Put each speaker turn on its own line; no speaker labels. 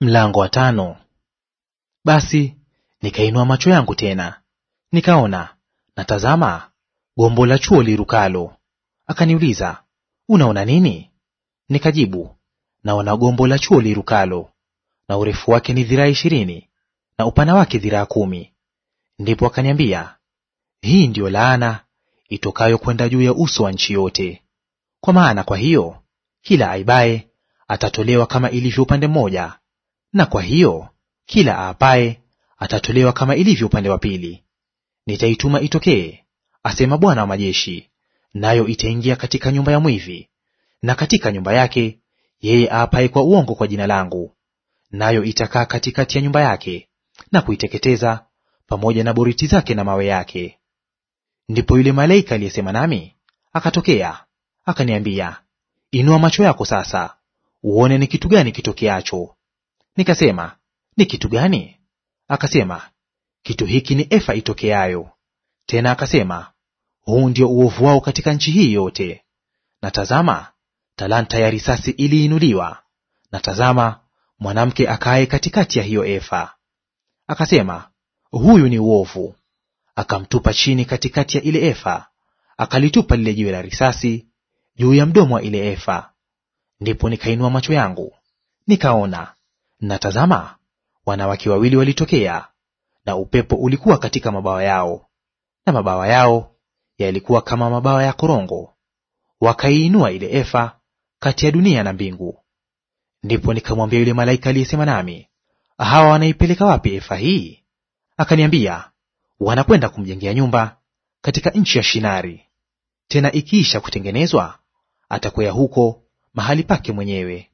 Mlango wa tano. Basi nikainua macho yangu tena nikaona, na tazama, gombo la chuo lirukalo. Akaniuliza, unaona nini? Nikajibu, naona gombo la chuo lirukalo, na urefu wake ni dhiraa ishirini na upana wake dhiraa kumi. Ndipo akaniambia, hii ndiyo laana itokayo kwenda juu ya uso wa nchi yote, kwa maana kwa hiyo kila aibaye atatolewa kama ilivyo upande mmoja na kwa hiyo kila aapaye atatolewa kama ilivyo upande wa pili. Nitaituma itokee, asema Bwana wa majeshi, nayo itaingia katika nyumba ya mwivi na katika nyumba yake yeye aapaye kwa uongo kwa jina langu, nayo itakaa katikati ya nyumba yake na kuiteketeza pamoja na boriti zake na mawe yake. Ndipo yule malaika aliyesema nami akatokea akaniambia, inua macho yako sasa uone ni kitu gani kitokeacho. Nikasema, ni kitu gani? Akasema, kitu hiki ni efa itokeayo. Tena akasema, huu ndio uovu wao katika nchi hii yote. Na tazama, talanta ya risasi iliinuliwa, na tazama, mwanamke akaaye katikati ya hiyo efa. Akasema, huyu ni uovu. Akamtupa chini katikati ya ile efa, akalitupa lile jiwe la risasi juu ya mdomo wa ile efa. Ndipo nikainua macho yangu nikaona, na tazama, wanawake wawili walitokea, na upepo ulikuwa katika mabawa yao, na mabawa yao yalikuwa kama mabawa ya korongo; wakaiinua ile efa kati ya dunia na mbingu. Ndipo nikamwambia yule malaika aliyesema nami, hawa wanaipeleka wapi efa hii? Akaniambia, wanakwenda kumjengea nyumba katika nchi ya Shinari. Tena ikiisha kutengenezwa, atakwea huko mahali pake mwenyewe.